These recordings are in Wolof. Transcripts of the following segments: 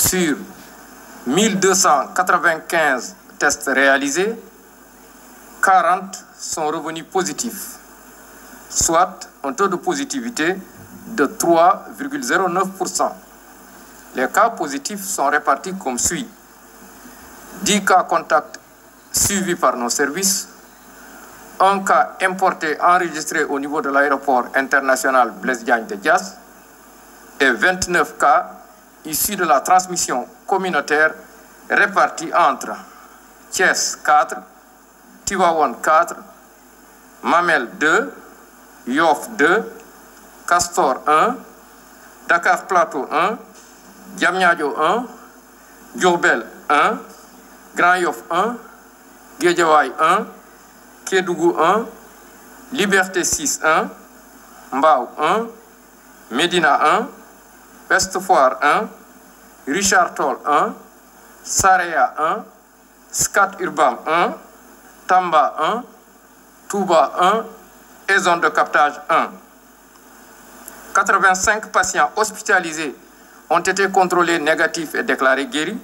sur 1295 tests réalisés, 40 sont revenus positifs, soit un taux de positivité de 3,09%. Les cas positifs sont répartis comme suit. 10 cas contacts suivis par nos services, un cas importé enregistré au niveau de l'aéroport international Blaise Diagne de Dias et 29 issus de la transmission communautaire répartis entre Thiès 4, Tivaouane 4, Mamel 2, Yoff 2, Castor 1, Dakar Plateau 1, Diamniadio 1, Diourbel 1, Grand Yoff 1, Guédiawaye 1, Kédougou 1, Liberté 6 1, Mbao 1, Médina Ouest Foire 1 Richard Toll 1 Saraya 1 Scat Urbam 1 Tamba 1 Touba 1 et zone de captage 1. 85 patients hospitalisés ont été contrôlés négatifs et déclarés guéris.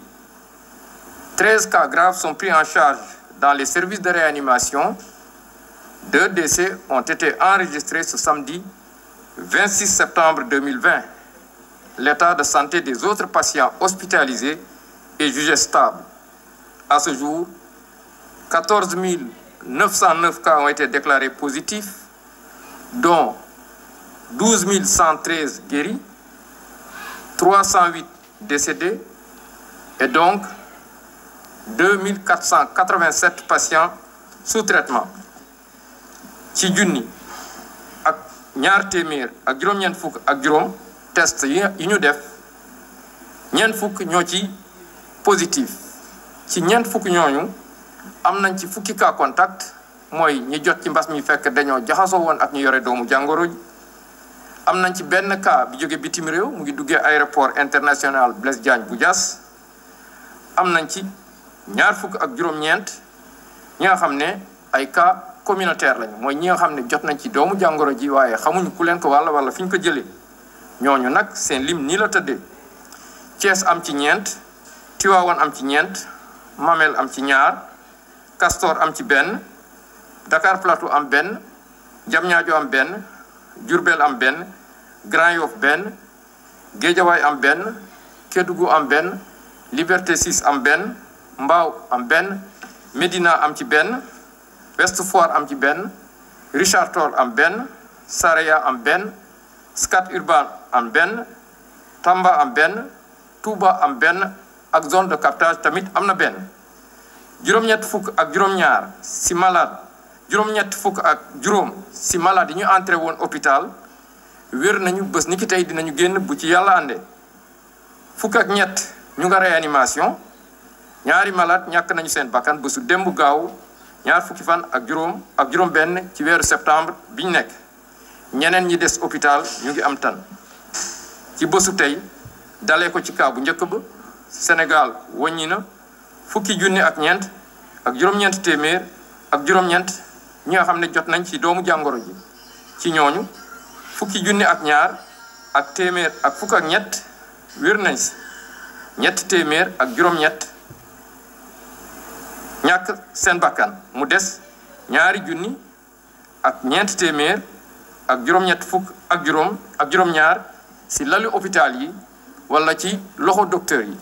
13 cas graves sont pris en charge dans les services de réanimation. Deux décès ont été enregistrés ce samedi 26 septembre 2020. l'état de santé des autres patients hospitalisés est jugé stable. À ce jour, 14 909 cas ont été déclarés positifs, dont 12 113 guéris, 308 décédés et donc 2487 patients sous traitement ci junni ak ñaar téeméer ak juróom-ñeent test yi ñu def ñeent fukk ñoo ci positif ci ñeent fukk ñooñu am nañ ci fukki cas contact mooy ñi jot ci mbas mi fekk dañoo jaxasoo woon ak ñu yore doomu jàngoro am nañ ci benn kaa bi jóge bitim réew mu ngi duggee aéroport international Blaise Diagne bu jaas am nañ ci ñaar fukk ak juróom-ñeent ñi xam ne ay cas communautaire lañu mooy ñi nga xam ne jot nañ ci doomu jàngoro ji waaye xamuñu ku leen ko walla walla fi ñu ko jëlee ñooñu nag seen lim nii la tëddee Thiès am ci ñeent Tivaouane am ci ñeent Mamel am ci ñaar Castor am ci benn Dakar Plateau am benn Diamniadio am benn Diourbel am benn Grand Yoff benn Guédiawaye am benn Kédougou am benn Liberté 6 am benn Mbao am benn Médina am ci benn Ouest Foire am ci benn Richard Toll am benn Saraya am benn Scat Urbam am benn Tamba am benn Touba am benn ak zone de captage tamit am na benn juróom-ñett fukk ak juróom-ñaar si malade juróom-ñett fukk ak juróom si malade yi ñu entre woon hôpital wér nañu bés ni ki tey dinañu génn bu ci yàlla ànde fukk ak ñett ñu nga réanimation ñaari malade ñàkk nañu seen bakkan bésu démb gaaw ñaar fukki fan ak juróom ak juróom benn ci weer septembre biñ nekk ñeneen ñi des hôpital ñu ngi am tan ci bësu tey dalee ko ci kaa bu njëkk ba Sénégal wàññi na fukki junni ak ñeent ak juróom-ñeent téeméer ak juróom-ñeent nga xam ne jot nañ ci doomu jàngoro ji ci ñooñu fukki junni ak ñaar ak téeméer ak fukk ñett wér nañ si ñett téeméer ak juróom-ñett ñàkk seen bakkan mu des ñaari junni ak ñeent téeméer ak juróom-ñett fukk ak juróom ak juróom-ñaar si lalu hôpital yi wala ci loxo docteur yi